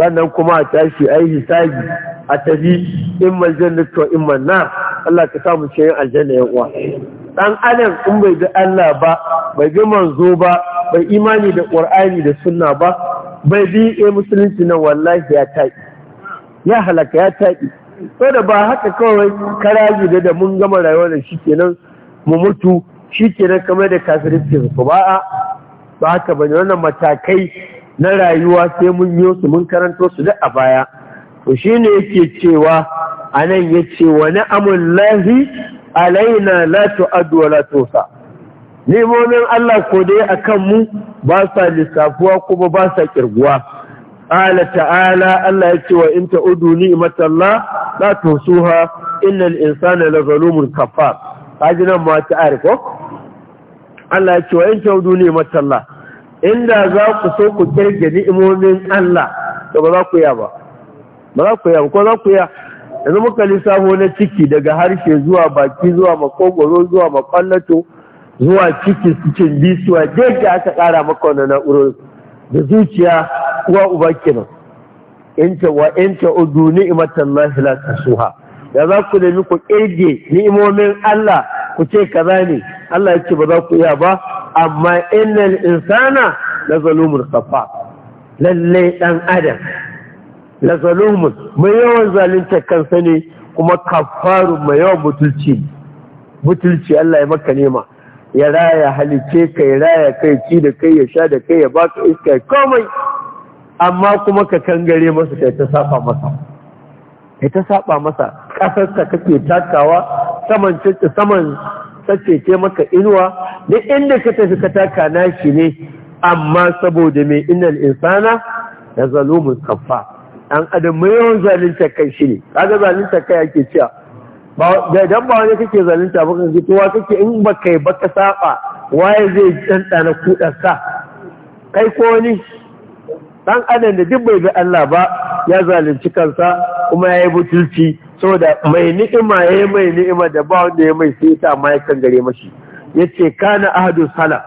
S1: sannan kuma a tashi ai hisabi a tafi in jannatu wa in manna Allah ka samu cikin aljanna yan uwa dan adam in bai bi Allah ba bai bi manzo ba bai imani da Qur'ani da sunna ba bai bi eh musulunci na wallahi ya taƙi ya halaka ya taƙi to da ba haka kawai karaji da da mun gama rayuwa da shi nan mu mutu shi shikenan kamar da kafirin ke ba a ba haka bane wannan matakai na rayuwa sai mun yi su mun karanto su da a baya to ne yake cewa anan ce wa amin lahi alaina la tu'addu wa la tusa nimomin Allah ko dai akan mu ba sa lissafuwa kuma ba sa kirguwa ala ta'ala Allah ce wa in ta'udu ni'matallah la tusuha innal insana la zalumun kafar nan ma ta ariko Allah ce wa in ta'udu ni'matallah inda za ku so ku kirge ni'imomin Allah to ba za ku ya ba ba za ku iya ko za ku Ya yanzu muka lissafo na ciki daga harshe zuwa baki zuwa makogoro zuwa makwallato zuwa ciki cikin bisuwa da aka kara maka wannan na'urar da zuciya uwa uba kenan in ta wa in ta udu ni'matallahi la tasuha da za ku nemi ku kirge ni'imomin Allah ku ce kaza ne Allah ya ce ba za ku iya ba amma innal insana la zalumul safa lalle dan adam la zalumun mai yawan zalunta kansa ne kuma kafaru mai yawan butulci butulci Allah ya maka nema ya raya halice ka ya raya kai ci da kai ya sha da kai ya baka iska komai amma kuma ka kangare masa kai ta saba masa kai ta saba masa ka kake takawa saman cece saman maka inuwa duk inda ka tafi ka taka nashi ne amma saboda mai inal insana ya zalumun kafa An adam mai yawan zalunta kai shi ne kaga zalunta kai ake cewa ba da dan ba wani kake zalunta ba kan kowa kake in ba kai ba ka saba waye zai dandana sa? kai ko wani ɗan adam da duk bai bi Allah ba ya zalunci kansa kuma yayi butulci saboda mai ni'ima yayi mai ni'ima da ba wanda ya mai sai ta ma yakan gare mashi yace kana ahadu sala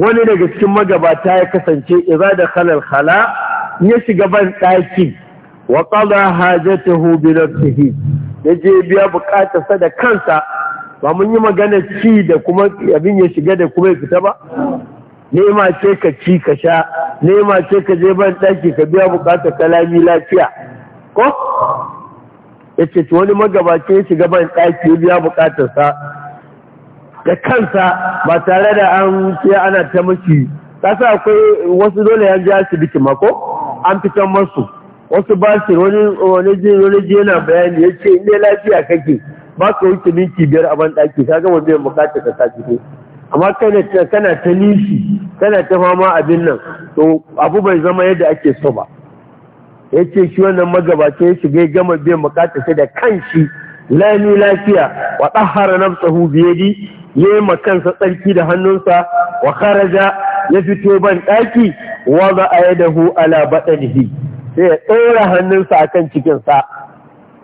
S1: wani daga cikin magabata ya kasance idza da kalar khala ya shiga ban ɗaki wa qada hajatahu bi nafsihi yaje biya bukatarsa da kansa ba mun yi magana ci da kuma abin ya shiga da kuma ya fita ba nema ce ka ci ka sha nema ce ka je ban ɗaki ka biya bukatar kalami lafiya ko ya ce wani ce ya shiga ban ɗaki ya biya bukatarsa da kansa ba tare da an ce ana ta mashi kasa akwai wasu dole ya ji asibiti mako an fitan masu wasu ba su wani jin wani yana bayani ya ce ne lafiya kake ba ka wuce minti biyar a ban ɗaki ka gama biyan bukata ka sake ko amma kana ta nishi kana ta fama abin nan to abu bai zama yadda ake so ba ya ce shi wannan magabata ya shiga gama biyan bukatar sai da kanshi lami lafiya wa ɗahara nafsahu biyadi ya yi makansa tsarki da hannunsa wa kharaja ya fito ban ɗaki wa ba a yadahu ala baɗanihi sai ya ɗora hannunsa a kan cikinsa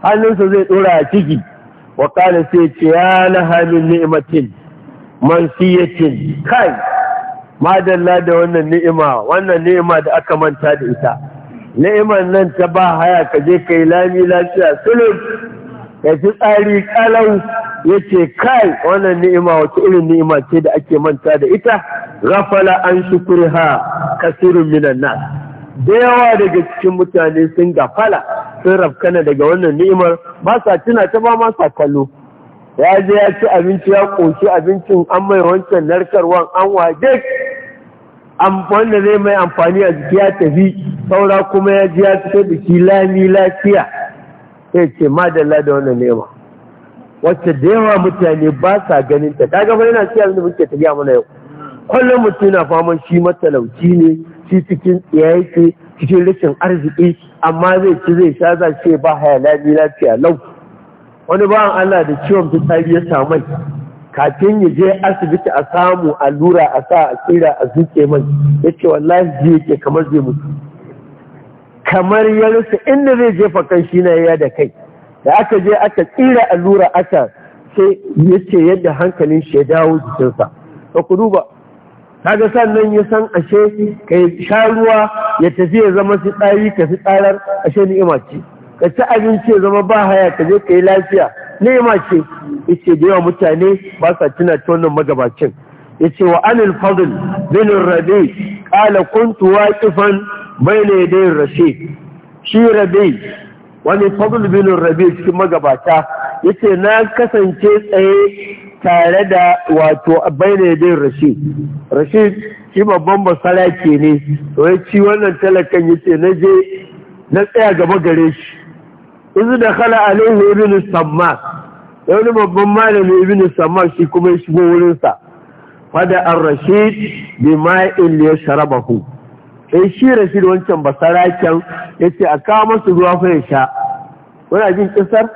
S1: hannunsa zai ɗora a ciki wa ƙala sai ce ya na hannun ni'imatin mansiyacin kai madalla da wannan ni'ima wannan ni'ima da aka manta da ita ni'iman nan ta ba haya ka je ka yi lami lafiya sulub ka fi tsari kalau Yace ce kai wannan ni'ima wata irin ni'ima ce da ake manta da ita rafala an ha kasirun minan nas da daga cikin mutane sun gafala sun rafkana daga wannan ni'imar ba sa tuna ta ba ma sa kallo ya je ya ci abinci ya ƙoshi abincin an mai wancan narkarwan an waje wanda zai mai amfani a jiki ya tafi saura kuma ya ji ya fito da shi lami lafiya sai ce madalla da wannan ni'imar. wacce da yawa mutane ba sa ganin ta kaga yana cewa da muke tafiya mana yau kwallon mutum na faman shi matalauci ne shi cikin tsiyaye cikin rashin arziki amma zai ci zai sha za shi ba hayalami lafiya lau wani bawan Allah da ciwon fitsari ya samai kafin ya je asibiti a samu allura a sa a tsira a zuke mai ya ce wallahi ji yake kamar zai mutu kamar ya rasa inda zai jefa kan shi na ya da kai da aka je aka tsira allura aka sai ya ce yadda hankalin shi ya dawo jikinsa ba ku duba kaga sannan ya san ashe ka sha ruwa ya tafi ya zama su tsari ka fi tsarar ashe ima ce ka ci abinci ya zama ba haya ka je ka yi lafiya ima ce ce da yawa mutane ba sa tuna ta wannan magabacin ce wa anil fadl bin rabi qala kuntu waqifan bayna yaday rashid shi rabi wani fadl bin rabi cikin magabata ya ce na kasance tsaye tare da wato bayyana da rashid rashid shi babban basarake ne to ya ci wannan talakan ya ce na je na tsaya gaba gare shi izu da kala alaihi ibn samma wani babban malami ibn samma shi kuma ya shigo wurinsa fada an rashid bi ma'in ya sharabahu sai shi rashid wancan basaraken ya ce a kawo masu ruwa fa ya sha muna jin kisar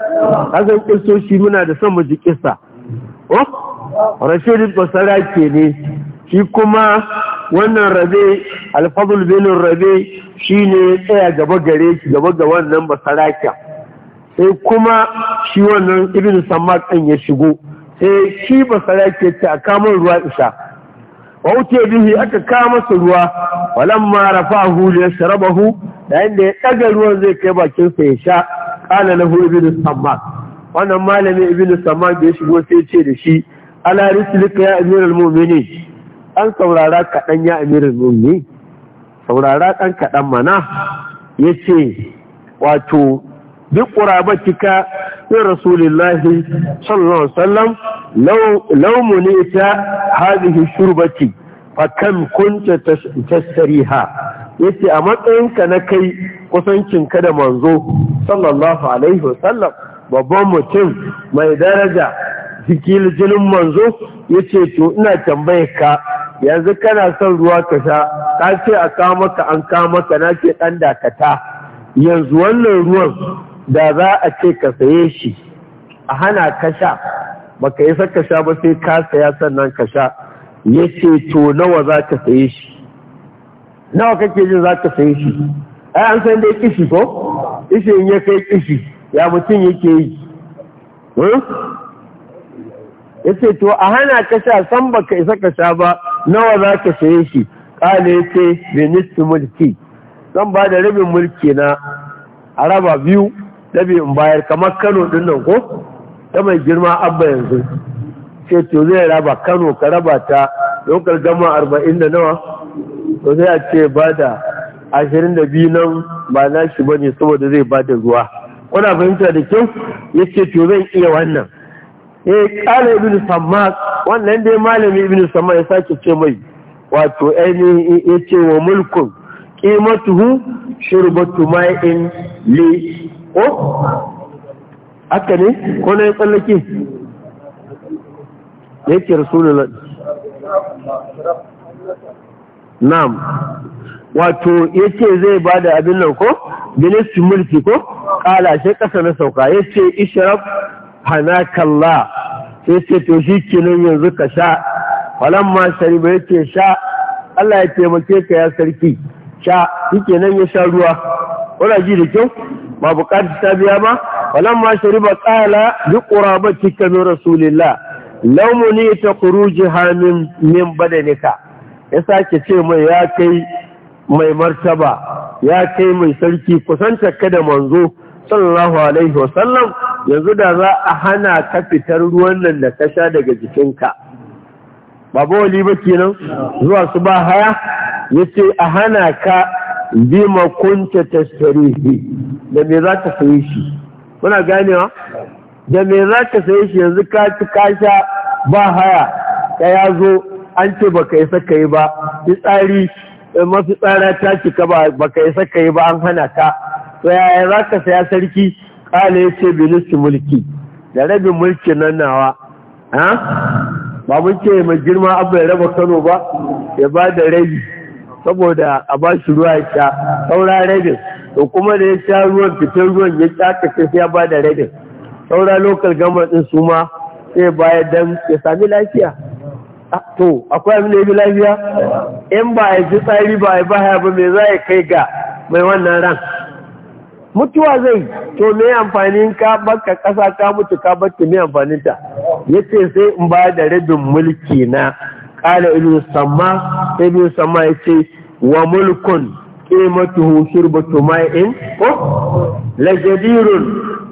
S1: hasan kisoshi muna da son mu ji kisa Rashidu basara ke ne shi kuma wannan rabe alfazul benin rabe shi ne tsaya gaba gare shi gaba ga wannan basaraken sai kuma shi wannan ibn sammak ɗan ya shigo sai shi basarake ta kamar ruwa isa. wa wuce bihi aka kama su ruwa walan ma rafahu ya sharabahu yayin da ya ɗaga ruwan zai kai bakinsa ya sha qala lahu ibn sammak wannan malami ibn sammak da ya shigo sai ce da shi ala rislika ya amiral mu'minin an saurara kaɗan ya amiral mu'minin saurara ɗan kaɗan mana ya ce wato duk ƙurabatika min rasulillahi sallallahu alaihi wasallam law ne ta hadhihi shurbati fa kam kunta tasriha yace a matsayinka na kai kusancinka da manzo sallallahu alaihi wasallam babban mutum mai daraja jikil jinin manzo yace to ina tambaye ka yanzu kana son ruwa ka sha ka ce a kawo maka an kawo maka na ce dan dakata yanzu wannan ruwan da za a ce ka saye shi a hana ka sha baka yi saka sha ba sai ka saya sannan ka sha yace to nawa za ka saye shi nawa kake jin za ka sayi shi ai an san dai kishi ko ishe in ya kai kishi ya mutum yake yi hmm? ya ce to a hana ka sha san ka isa ka sha ba nawa za ka saye shi kala ya ce ministi mulki zan ba da rabin mulki na a raba biyu rabi in bayar kamar kano din nan ko ta mai girma abba yanzu ce to zai raba kano ka raba ta lokal gama arba'in da nawa to sai a ce ba da ashirin da biyu nan ba na shi ba ne saboda zai ba da ruwa kuna fahimta da kyau ya ce to zan iya wannan E eh, kala ibn sammak wannan dai malami ibn sammak ya sake ce mai wato ainihin ya ce wa mulkun qimatuhu shirbatu ma'in li ko haka ne ko na ya tsallake yake rasulullah na'am wato ya ce zai ba da abin nan ko bilisti mulki ko kala shi kasa na sauka Ya yace hana kalla. Ya ce to shi nan yanzu ka sha falamma shariba ce sha Allah ya taimake ka ya sarki sha nan ya sha ruwa wala ji da kyau ba bukatar ta biya ba kala shariba qala bi qurabatika min rasulillah ta ƙuruji khurujaha min min badanika ya sake ce mai ya kai mai martaba ya kai mai sarki kusanta ka da manzo sallallahu alaihi wasallam yanzu da za a hana ka fitar ruwan nan da ka sha daga jikinka Babu wali ba kenan zuwa su ba haya ya ce a hana ka bima kunta tashtarihi da me za ka sayi shi muna ganewa da me za ka sayi shi yanzu ka ci ka sha ba haya ka ya zo an ce baka isa ka yi ba fitsari eh, mafi tsara ta cika baka isa ka yi ba an hana ka to yaya za ka saya sarki kala ya ce bilisti mulki da rabin mulki nan nawa ba mun ce mai girma abu ya raba kano ba ya ba da rabi saboda a ba shi ruwa ya sha saura rabin to kuma da ya sha ruwan fitar ruwan ya sha ta sai ya ba da rabin saura lokal gama din su sai bayan dan ya sami lafiya Ah, to akwai abin da ya bi lafiya in ba a ji tsari ba a baya ba mai za a kai ga mai wannan ran mutuwa zai to me amfanin ka baka kasa ka mutu ka bata me amfanin ta ce, sai in ba da rabin mulki na qala ibn samma ilu samma yace wa mulkun qimatuhu shirbatu in? ko la jadirun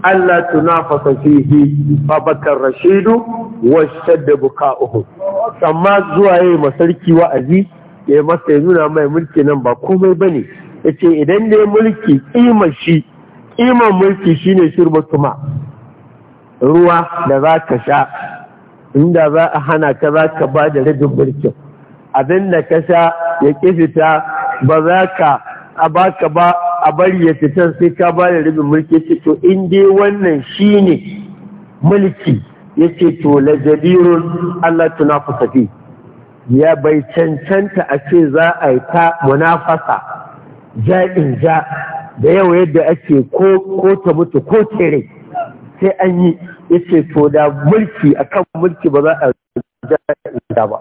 S1: alla tunafasa fihi babakar rashidu wa shadda buka'uhu amma zuwa yayi masarki wa'azi ya masa ya nuna mai mulki nan ba komai bane yace idan dai mulki kimar mulki shine shirbatu ma ruwa da za ka sha inda za a hana ka zaka ba da rabin mulkin abin da ka sha ya ƙi ba za ka a baka ba a bari ya fita sai ka ba da rubin mulki ce to in dai wannan shine mulki yace to la jabirun Allah tunafusa fi ya bai cancanta a ce za a yi ta munafasa ja'in ja da yau yadda ake ko ta mutu ko tere sai an yi yace to da mulki akan mulki ba za a ja'in ja ba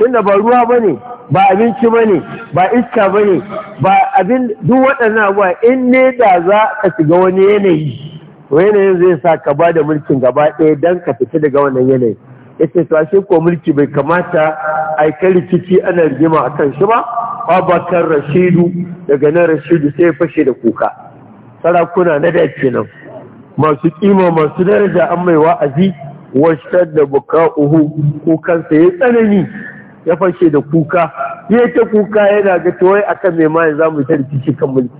S1: tunda ba ruwa ba ne ba abinci ba ne ba iska ba ne ba abin duk waɗannan abuwa in ne da za ka shiga wani yanayi yanayin zai sa ka ba da mulkin gaba ɗaya don ka fita daga wannan yanayi ya ce ashe ko mulki bai kamata a yi kai rikici ana rigima a kan shi ba abakar rashidu daga nan rashidu sai ya fashe da kuka sarakuna na da nan, masu kima masu daraja an mai wa'azi washtar da buka'uhu kukansa ya tsanani ya fashe da kuka ya ta kuka yana ga tawai akan mai maimayin za mu ta rikici kan mulki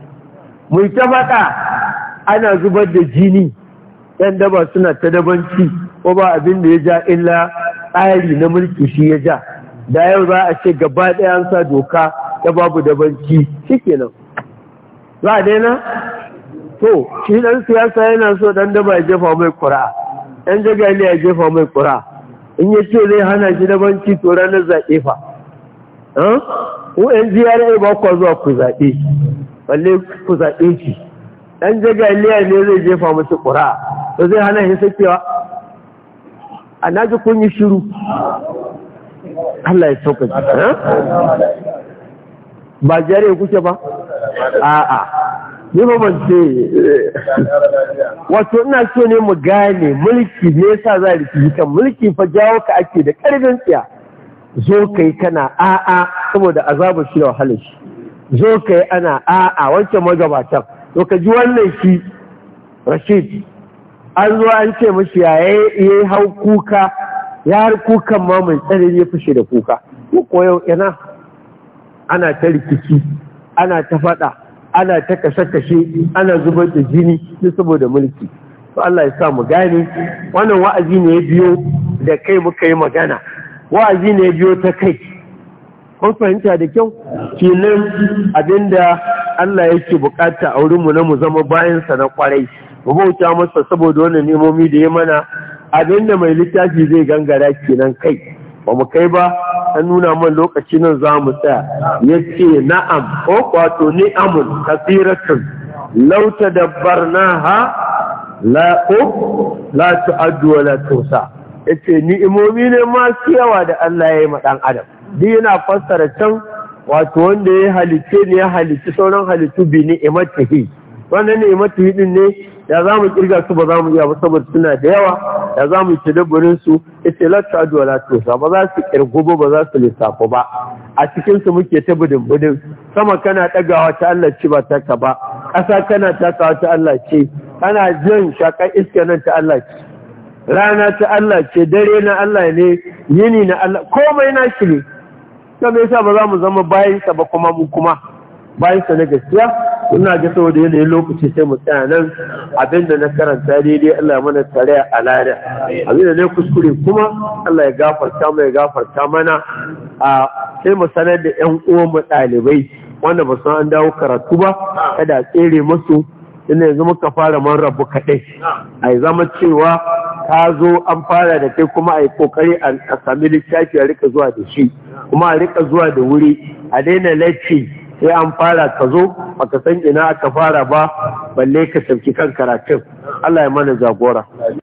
S1: mu ta faɗa ana zubar da jini yan daba suna ta dabanci ko ba abin da ya ja illa tsari na mulki shi ya ja da yau za a ce gaba ɗaya an sa doka ta babu dabanci nan, za a daina to shi ɗan siyasa yana so ɗan daba ya jefa mai ƙura'a. ɗan jagali ya jefa mai ƙura in ya ce zai hana shi banci to ranar zaɓe fa ko yan gra ba ku zuwa ku zaɓe balle ku zaɓe shi ɗan jagaliya ne zai jefa masu ƙura to zai hana shi sakewa a naji kun yi shiru Allah ya sauƙaƙi ba jare kuke ba a'a ni ba ban ce eh. wato ina so ne mu gane mulki me yasa za rikici kan mulki fa jawo ka ake da karfin tsiya zo kai kana a'a saboda azabar shi da wahalar shi zo kai ana a'a wancan magabatan to ka ji wannan shi Rashid an zo an ce mashi ya yi hau kuka ya har kukan ma mai tsare ya fushe da kuka ko yau ina? ana ta rikici ana ta faɗa ana ta kashe-kashe ana zubar da jini duk saboda mulki to Allah ya sa mu gane wannan wa'azi ne ya biyo da kai muka yi magana wa'azi ne ya biyo ta kai kun fahimta da kyau kenan abinda Allah yake bukata a wurin mu na mu zama bayan sa na kwarai mu bauta masa saboda wannan nemomi da ya mana abinda mai littafi zai gangara kenan kai ba mu kai ba an nuna man lokaci nan za mu tsaya ya ce na'am ko kwato amun kasiratun lauta da barna ha la'o la tu'addu la ya ce ni imomi ne masu yawa da Allah ya yi ma ɗan adam duk yana fassara can wato wanda ya halice ne ya halici sauran halittu bi ni'imatihi wannan ni'imatihi din ne ya za mu kirga su ba za mu iya ba saboda suna da yawa ya za mu ci daburin su ita latta aduwa latta ba za su kirgo ba za su lissafa ba a cikin su muke ta budin budin sama kana dagawa ta Allah ci ba ka ba ƙasa kana takawa ta Allah ce Kana jin shakar iska nan ta Allah ce rana ta Allah ce dare na Allah ne yini na Allah komai na shi ne ta me yasa ba za mu zama bayansa ba kuma mu kuma bayansa na gaskiya ina ga saboda yanayin lokaci sai mu tsaya nan abinda na karanta daidai Allah mana tare a lada abinda ne kuskure kuma Allah ya gafarta mu ya gafarta mana a sai mu sanar da 'yan uwan mu ɗalibai wanda ba san an dawo karatu ba kada a tsere musu inda yanzu muka fara man rabu kaɗai a zama cewa ka zo an fara da kai kuma a yi kokari a sami littafi a rika zuwa da shi kuma a rika zuwa da wuri a daina latti sai an fara ka zo baka san ina aka fara ba balle ka sauki kan karatun Allah ya mana jagora